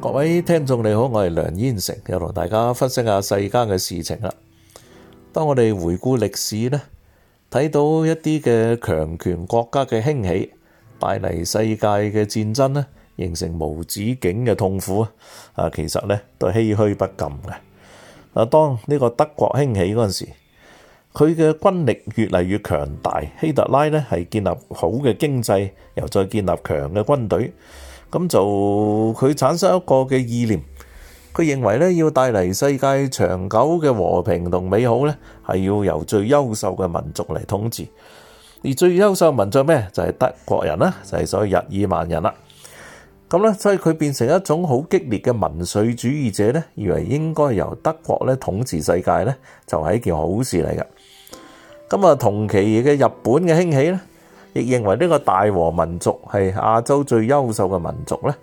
各位聽眾你好，我係梁燕城，又同大家分析下世間嘅事情啦。當我哋回顧歷史咧，睇到一啲嘅強權國家嘅興起，帶嚟世界嘅戰爭咧，形成無止境嘅痛苦啊！啊，其實咧都唏嘘不禁嘅。啊，當呢個德國興起嗰陣時，佢嘅軍力越嚟越強大，希特拉咧係建立好嘅經濟，又再建立強嘅軍隊。咁就佢產生一個嘅意念，佢認為咧要帶嚟世界長久嘅和平同美好咧，係要由最優秀嘅民族嚟統治，而最優秀民族係咩？就係德國人啦，就係所謂日耳曼人啦。咁咧，所以佢變成一種好激烈嘅民粹主義者咧，以為應該由德國咧統治世界咧，就係一件好事嚟㗎。咁啊，同期嘅日本嘅興起咧。亦認為呢個大和民族係亞洲最優秀嘅民族咧，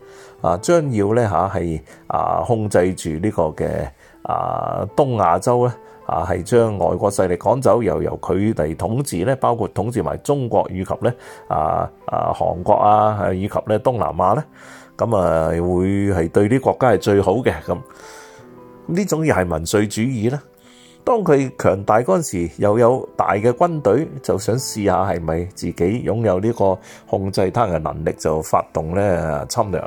啊將要咧嚇係啊控制住呢個嘅啊東亞洲咧，啊係將外國勢力趕走，又由佢哋統治咧，包括統治埋中國以及咧啊啊韓國啊，啊以及咧東南亞咧，咁啊會係對啲國家係最好嘅咁，呢種嘢係民粹主義咧。當佢強大嗰陣時，又有大嘅軍隊，就想試下係咪自己擁有呢個控制他人嘅能力，就發動咧侵略。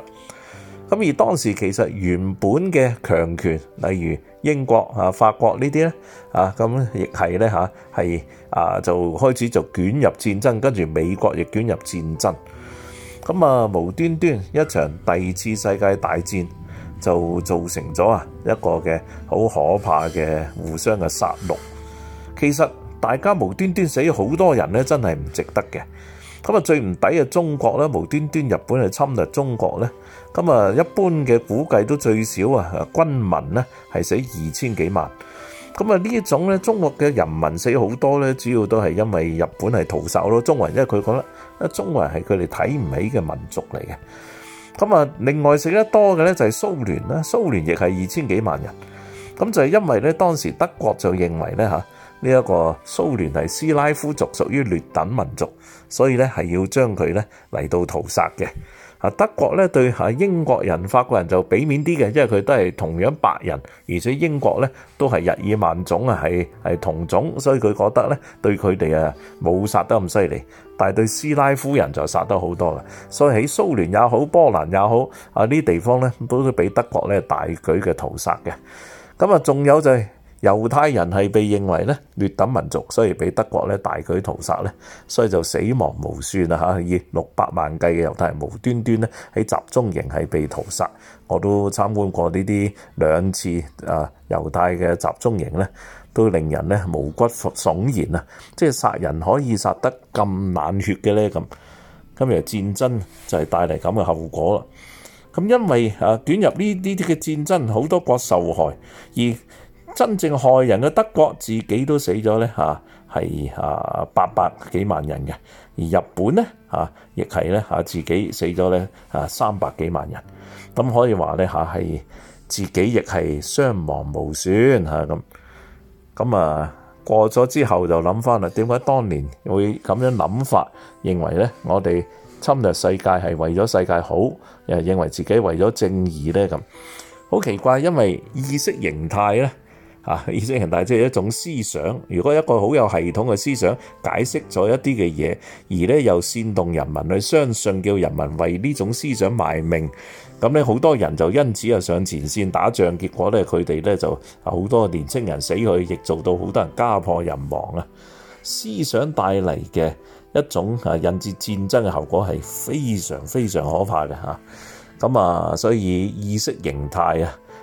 咁而當時其實原本嘅強權，例如英國啊、法國呢啲咧，啊咁亦係呢，吓，係啊就開始就捲入戰爭，跟住美國亦捲入戰爭。咁啊，無端端一場第二次世界大戰。就造成咗啊一個嘅好可怕嘅互相嘅殺戮。其實大家無端端死好多人咧，真係唔值得嘅。咁啊，最唔抵嘅中國咧，無端端日本係侵略中國咧。咁啊，一般嘅估計都最少啊軍民咧，係死二千幾萬。咁啊，呢一種咧，中國嘅人民死好多咧，主要都係因為日本係屠殺咯。中國人，因為佢覺得啊，中國人係佢哋睇唔起嘅民族嚟嘅。咁啊，另外死得多嘅咧就係蘇聯啦，蘇聯亦係二千幾萬人。咁就係、是、因為咧當時德國就認為咧呢一個蘇聯係斯拉夫族，屬於劣等民族，所以咧係要將佢咧嚟到屠殺嘅。啊，德國咧對啊英國人、法國人就俾面啲嘅，因為佢都係同樣白人，而且英國咧都係日耳曼種啊，係係同種，所以佢覺得咧對佢哋啊冇殺得咁犀利，但係對斯拉夫人就殺得好多啦。所以喺蘇聯也好、波蘭也好啊呢啲地方咧，都俾德國咧大舉嘅屠殺嘅。咁啊，仲有就係、是。猶太人係被認為咧劣等民族，所以俾德國咧大舉屠殺咧，所以就死亡無算啊！嚇，以六百萬計嘅猶太人無端端咧喺集中營係被屠殺。我都參觀過呢啲兩次啊，猶太嘅集中營咧，都令人咧毛骨悚然啊！即係殺人可以殺得咁冷血嘅咧咁，今日戰爭就係帶嚟咁嘅後果啦。咁因為啊捲入呢呢啲嘅戰爭，好多國受害而。真正害人嘅德國自己都死咗咧嚇，係嚇八百幾萬人嘅。而日本咧嚇亦係咧嚇自己死咗咧啊三百幾萬人，咁可以話咧嚇係自己亦係傷亡無損嚇，咁咁啊過咗之後就諗返啦，點解當年會咁樣諗法？認為咧我哋侵略世界係為咗世界好，誒認為自己為咗正義咧咁好奇怪，因為意識形態咧。意識形態即係一種思想。如果一個好有系統嘅思想解釋咗一啲嘅嘢，而呢又煽動人民去相信，叫人民為呢種思想賣命，咁呢，好多人就因此啊上前線打仗。結果呢，佢哋呢就好多年青人死去，亦做到好多人家破人亡啊！思想帶嚟嘅一種啊引致戰爭嘅後果係非常非常可怕嘅嚇。咁啊，所以意識形態啊～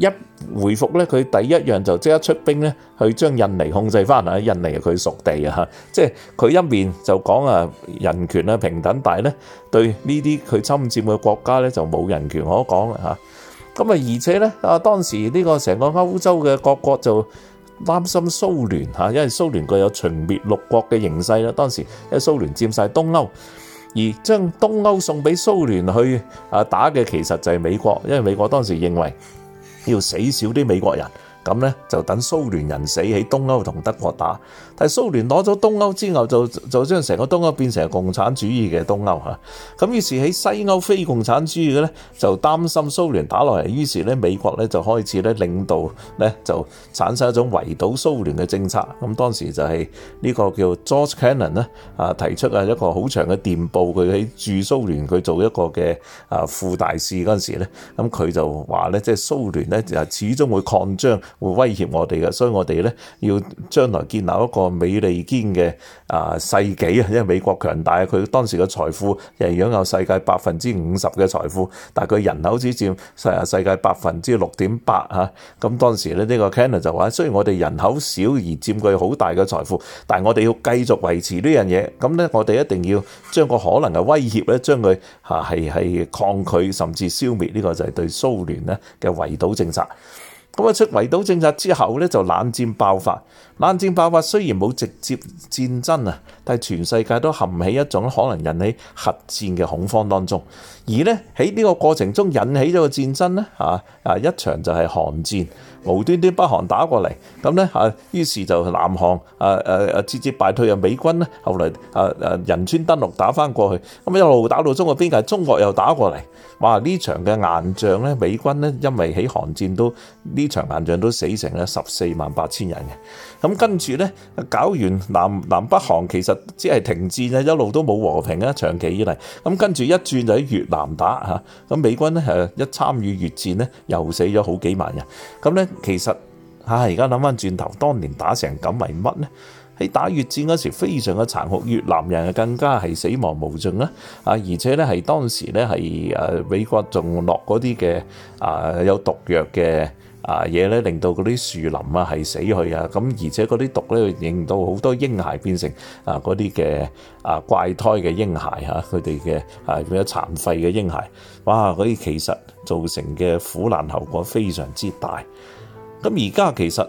一回復咧，佢第一樣就即刻出兵咧，去將印尼控制翻啊！印尼係佢屬地啊，即係佢一面就講啊人權啊平等，但係咧對呢啲佢侵佔嘅國家咧就冇人權可講啦嚇。咁啊，而且咧啊，當時呢個成個歐洲嘅各國就擔心蘇聯嚇，因為蘇聯佢有秦滅六國嘅形勢啦。當時因為蘇聯佔曬東歐，而將東歐送俾蘇聯去啊打嘅，其實就係美國，因為美國當時認為。要死少啲美國人，咁咧就等蘇聯人死喺東歐同德國打。係蘇聯攞咗東歐之後就就將成個東歐變成共產主義嘅東歐吓，咁於是喺西歐非共產主義嘅咧，就擔心蘇聯打落嚟。於是咧，美國咧就開始咧領導咧，就產生一種圍堵蘇聯嘅政策。咁、嗯、當時就係呢個叫 George Cannon 咧啊提出啊一個好長嘅電報，佢喺駐蘇聯佢做一個嘅啊副大使嗰陣時咧，咁、嗯、佢就話咧，即係蘇聯咧就係、呢始終會擴張會威脅我哋嘅，所以我哋咧要將來建立一個。美利堅嘅啊世紀啊，因為美國強大，佢當時嘅財富係擁有世界百分之五十嘅財富，但係佢人口只佔世世界百分之六點八嚇。咁、啊、當時咧，呢、這個 Kennan 就話：雖然我哋人口少而佔據好大嘅財富，但係我哋要繼續維持呢樣嘢。咁咧，我哋一定要將個可能嘅威脅咧，將佢嚇係係抗拒甚至消滅。呢、這個就係對蘇聯咧嘅圍堵政策。咁啊，出圍堵政策之後咧，就冷戰爆發。冷戰爆發雖然冇直接戰爭啊，係全世界都陷起一種可能引起核戰嘅恐慌當中，而呢喺呢個過程中引起咗個戰爭呢，啊啊，一場就係韓戰，無端端北韓打過嚟，咁呢，啊於是就南韓啊啊啊節節敗退啊，美軍咧後嚟啊啊仁川登陸打返過去，咁一路打到中國邊界，中國又打過嚟，哇！呢場嘅硬仗呢美軍呢因為喺韓戰都呢場硬仗都死成咧十四萬八千人嘅，咁跟住呢，搞完南南北韓其實。即係停戰咧，一路都冇和平啊！長期以嚟，咁跟住一轉就喺越南打吓，咁美軍咧誒一參與越戰咧，又死咗好幾萬人。咁咧其實吓，而家諗翻轉頭，當年打成咁為乜咧？喺打越戰嗰時非常嘅殘酷，越南人更加係死亡無盡啦！啊，而且咧係當時咧係誒美國仲落嗰啲嘅啊有毒藥嘅。啊！嘢咧令到嗰啲樹林啊係死去啊，咁而且嗰啲毒咧令到好多嬰孩變成啊嗰啲嘅啊怪胎嘅嬰孩嚇，佢哋嘅啊變咗殘廢嘅嬰孩，哇！嗰啲其實造成嘅苦難後果非常之大。咁而家其實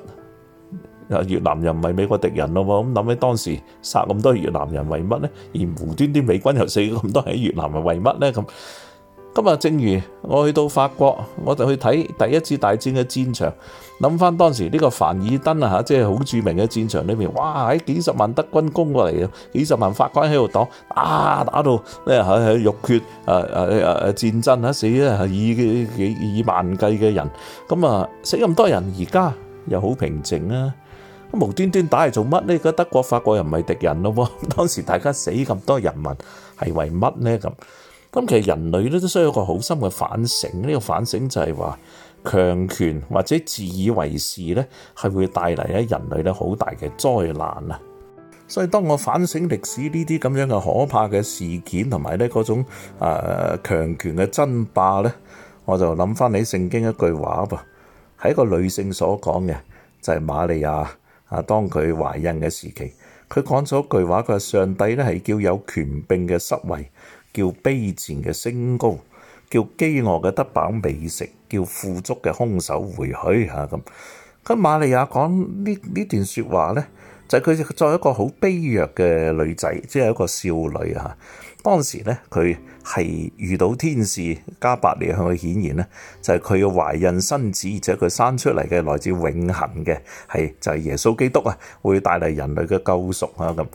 啊越南人唔係美國敵人咯喎，咁諗起當時殺咁多越南人為乜咧？而無端端美軍又死咁多喺越南人為乜咧？咁？今日正如我去到法國，我就去睇第一次大戰嘅戰場，諗翻當時呢個凡爾登啊嚇，即係好著名嘅戰場裏面，哇喺幾十萬德軍攻過嚟，幾十萬法軍喺度打，打打到咧喺喺浴血，誒誒誒誒戰爭啊死啊以幾以萬計嘅人，咁啊死咁多人，而家又好平靜啊，無端端打嚟做乜呢？而家德國法國又唔係敵人咯喎，當時大家死咁多人民係為乜呢咁？咁其實人類咧都需要一個好深嘅反省。呢、這個反省就係話強權或者自以為是咧，係會帶嚟咧人類咧好大嘅災難啊。所以當我反省歷史呢啲咁樣嘅可怕嘅事件，同埋咧嗰種誒、呃、強權嘅爭霸咧，我就諗返起聖經一句話噃，係一個女性所講嘅，就係、是、瑪利亞啊。當佢懷孕嘅時期，佢講咗一句話，佢話上帝咧係叫有權柄嘅失位。叫卑賤嘅升高，叫飢餓嘅得飽美食，叫富足嘅空手回去嚇咁。咁瑪利亞講呢呢段説話咧，就佢、是、作為一個好卑弱嘅女仔，即、就、係、是、一個少女嚇。當時咧，佢係遇到天使加百利向佢顯現咧，就係佢嘅懷孕生子，而且佢生出嚟嘅來自永恆嘅係就係、是、耶穌基督啊，會帶嚟人類嘅救贖啊咁。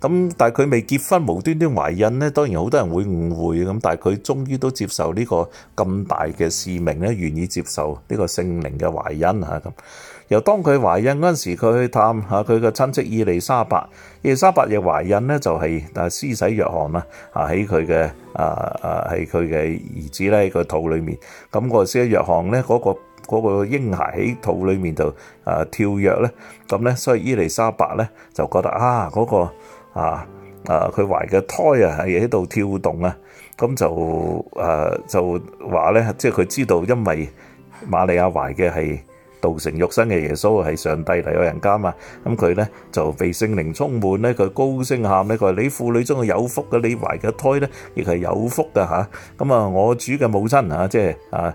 咁但係佢未結婚，無端端懷孕咧，當然好多人會誤會。咁但係佢終於都接受呢個咁大嘅使命咧，願意接受呢個聖靈嘅懷孕嚇咁。由當佢懷孕嗰陣時，佢去探下佢嘅親戚伊麗莎白。伊麗莎白亦懷孕咧，就係啊施洗約翰啦啊喺佢嘅啊啊係佢嘅兒子咧，個肚裡面咁，個施洗約翰咧，嗰個嗰個嬰孩喺肚裡面度啊跳躍咧咁咧，所以伊麗莎白咧就覺得啊嗰個。啊！誒、啊，佢懷嘅胎啊，喺度跳動啊，咁就誒、啊、就話咧，即係佢知道，因為瑪利亞懷嘅係道成肉身嘅耶穌，係上帝嚟嘅人間嘛，咁佢咧就被聖靈充滿咧，佢高聲喊咧，佢話你婦女中嘅有福嘅，你懷嘅胎咧亦係有福嘅吓，咁啊，啊，我主嘅母親啊，即係啊。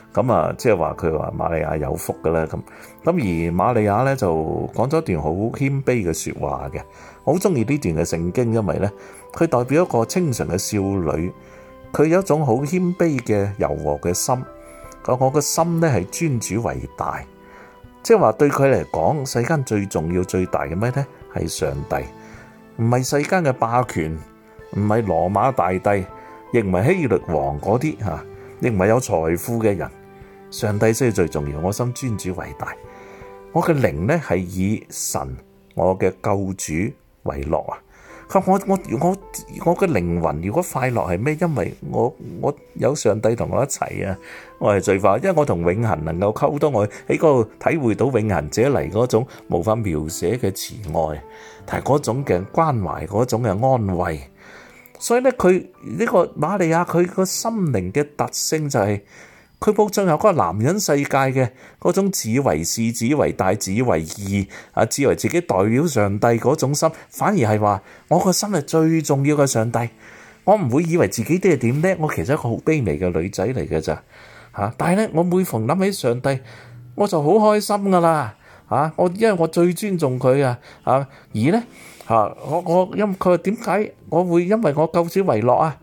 咁啊，即係話佢話瑪利亞有福嘅啦。咁咁而瑪利亞咧就講咗一段好謙卑嘅說話嘅，我好中意呢段嘅聖經，因為咧佢代表一個清純嘅少女，佢有一種好謙卑嘅柔和嘅心。佢話，我我個心咧係尊主為大，即係話對佢嚟講，世間最重要最大嘅咩咧係上帝，唔係世間嘅霸權，唔係羅馬大帝，亦唔係希律王嗰啲吓，亦唔係有財富嘅人。上帝先係最重要，我心尊主為大，我嘅靈呢係以神，我嘅救主為樂啊！咁我我我我嘅靈魂如果快樂係咩？因為我我有上帝同我一齊啊，我係最快，因為我同永恒能夠溝通，我喺嗰度體會到永恒者嚟嗰種無法描寫嘅慈愛，係嗰種嘅關懷，嗰種嘅安慰。所以呢，佢呢個瑪利亞佢個心靈嘅特性就係。佢步進入嗰個男人世界嘅嗰種自以為是、自以為大、自以為義啊、自以為自己代表上帝嗰種心，反而係話我個心係最重要嘅上帝，我唔會以為自己啲係點叻，我其實係一個好卑微嘅女仔嚟嘅咋嚇。但係咧，我每逢諗起上帝，我就好開心㗎啦嚇。我因為我最尊重佢啊啊，而咧嚇我我因佢點點解我會因為我救主為樂啊？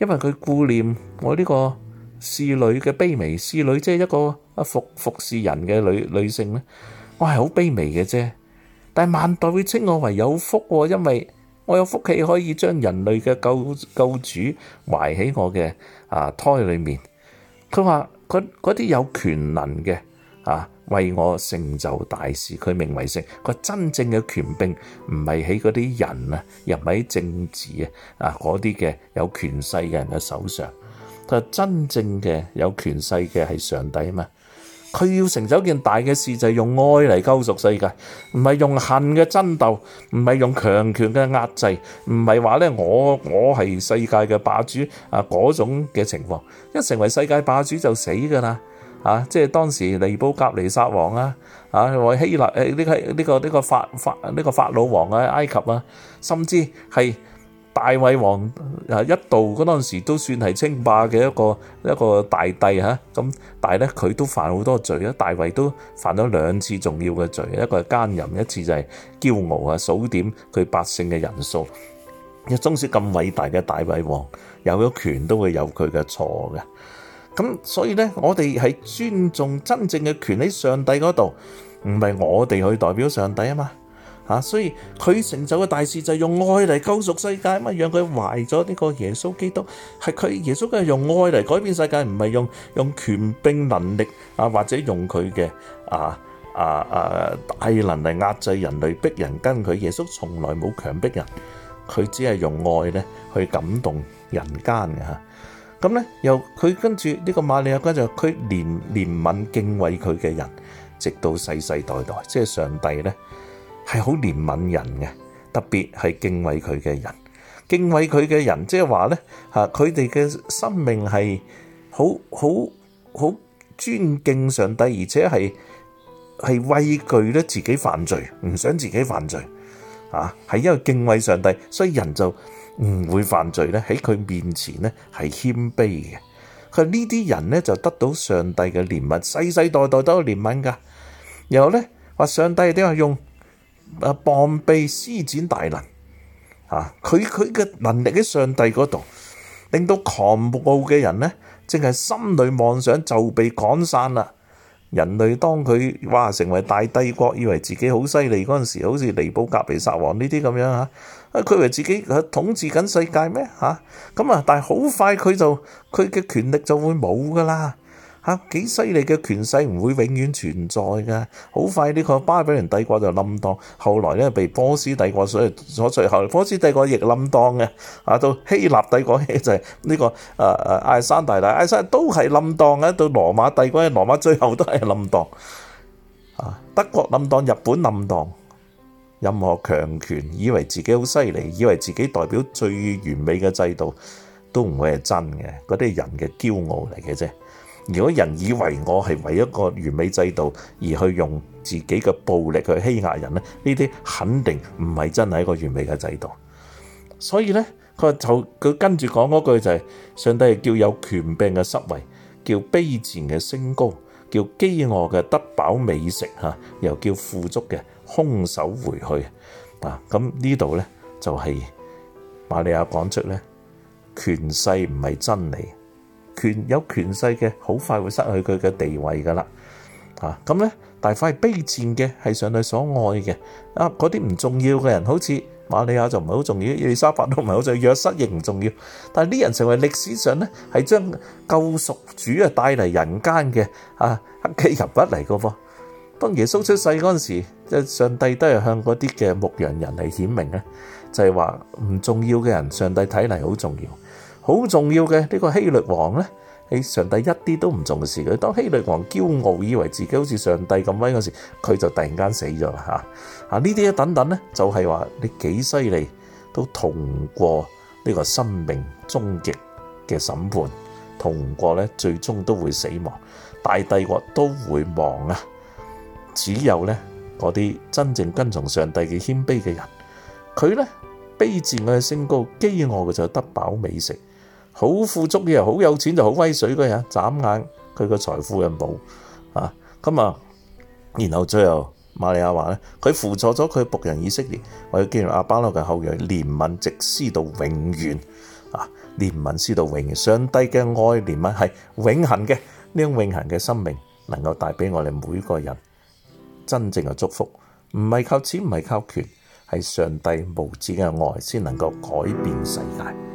因為佢顧念我呢個侍女嘅卑微，侍女即係一個啊服服侍人嘅女女性咧，我係好卑微嘅啫。但係萬代會稱我為有福喎，因為我有福氣可以將人類嘅救救主懷喺我嘅啊胎裏面。佢話嗰啲有權能嘅啊為我成就大事，佢名為聖。佢真正嘅權柄唔係喺嗰啲人啊，又唔係喺政治啊啊嗰啲嘅有權勢嘅人嘅手上。就真正嘅有權勢嘅係上帝啊嘛，佢要成就一件大嘅事就係用愛嚟救贖世界，唔係用恨嘅爭鬥，唔係用強權嘅壓制，唔係話咧我我係世界嘅霸主啊嗰種嘅情況，一成為世界霸主就死噶啦啊！即係當時尼布甲尼撒王啊啊，為希臘誒呢個呢個呢個法法呢個法老王啊埃及啊，甚至係。大衛王啊，一度嗰陣時都算係稱霸嘅一個一個大帝嚇，咁但係咧佢都犯好多罪啊！大衛都犯咗兩次重要嘅罪，一個係奸淫，一次就係驕傲啊，數點佢百姓嘅人數。一宗師咁偉大嘅大衛王，有咗權都會有佢嘅錯嘅。咁所以咧，我哋係尊重真正嘅權喺上帝嗰度，唔係我哋去代表上帝啊嘛。啊，所以佢成就嘅大事就係用愛嚟救贖世界，乜讓佢懷咗呢個耶穌基督？係佢耶穌係用愛嚟改變世界，唔係用用權柄能力啊，或者用佢嘅啊啊啊大能力壓制人類，逼人跟佢。耶穌從來冇強迫人，佢只係用愛咧去感動人間嘅吓。咁咧由佢跟住呢、這個瑪利亞，跟住佢憐憐憫敬畏佢嘅人，直到世世代代，即係上帝咧。係好憐憫人嘅，特別係敬畏佢嘅人。敬畏佢嘅人，即係話咧嚇，佢哋嘅生命係好好好尊敬上帝，而且係係畏懼咧自己犯罪，唔想自己犯罪啊。係因為敬畏上帝，所以人就唔會犯罪咧。喺佢面前咧係謙卑嘅。佢呢啲人咧就得到上帝嘅憐憫，世世代代都有憐憫噶。然後咧話上帝點解用？啊！膀臂施展大能，啊！佢佢嘅能力喺上帝嗰度，令到狂暴嘅人呢，正係心裏妄想就被趕散啦。人類當佢哇成為大帝國，以為自己好犀利嗰陣時，好似尼布甲尼撒王呢啲咁樣吓，啊，佢以為自己統治緊世界咩吓？咁啊，但係好快佢就佢嘅權力就會冇噶啦。嚇，幾犀利嘅權勢唔會永遠存在噶，好快呢個巴比倫帝國就冧當，後來咧被波斯帝國所所，最後波斯帝國亦冧當嘅啊，到希臘帝國就係呢、呢個誒誒艾山大大。艾、啊、山、啊、都係冧當嘅，到羅馬帝國，羅馬最後都係冧當啊，德國冧當，日本冧當，任何強權以為自己好犀利，以為自己代表最完美嘅制度，都唔會係真嘅，嗰啲係人嘅驕傲嚟嘅啫。如果人以為我係為一個完美制度而去用自己嘅暴力去欺壓人咧，呢啲肯定唔係真係一個完美嘅制度。所以呢，佢就佢跟住講嗰句就係、是：上帝係叫有權柄嘅失位，叫卑賤嘅升高，叫飢餓嘅得飽美食嚇，又叫富足嘅空手回去。啊，咁呢度呢，就係、是、瑪利亞講出呢，權勢唔係真理。權有權勢嘅，好快會失去佢嘅地位噶啦。啊，咁咧，大塊係卑賤嘅，係上帝所愛嘅。啊，嗰啲唔重要嘅人，好似瑪利亞就唔係好重要，伊利沙伯都唔係好重要，約瑟亦唔重要。但係呢人成為歷史上咧，係將救贖主帶來啊，帶嚟人間嘅啊黑基人物嚟噶噃。當耶穌出世嗰陣時候，上帝都係向嗰啲嘅牧羊人嚟顯明嘅，就係話唔重要嘅人，上帝睇嚟好重要。好重要嘅呢個希律王咧，誒，上帝一啲都唔重視佢。當希律王驕傲以為自己好似上帝咁威嗰時，佢就突然間死咗啦吓。啊呢啲等等咧，就係話你幾犀利都逃唔過呢個生命終極嘅審判，通過咧最終都會死亡，大帝國都會亡啊。只有咧嗰啲真正跟從上帝嘅謙卑嘅人，佢咧卑賤嘅升高，飢餓嘅就得飽美食。好富足嘅人，好有錢就好威水嘅人，眨眼佢個財富就冇啊！咁啊，然後最後瑪利亞話咧，佢扶助咗佢僕人以色列，我要記住阿巴勒嘅後裔，憐憫直施到永遠啊！憐憫施到永遠，上帝嘅愛憐憫係永恆嘅，呢種永恆嘅生命能夠帶畀我哋每個人真正嘅祝福，唔係靠錢，唔係靠權，係上帝無止嘅愛先能夠改變世界。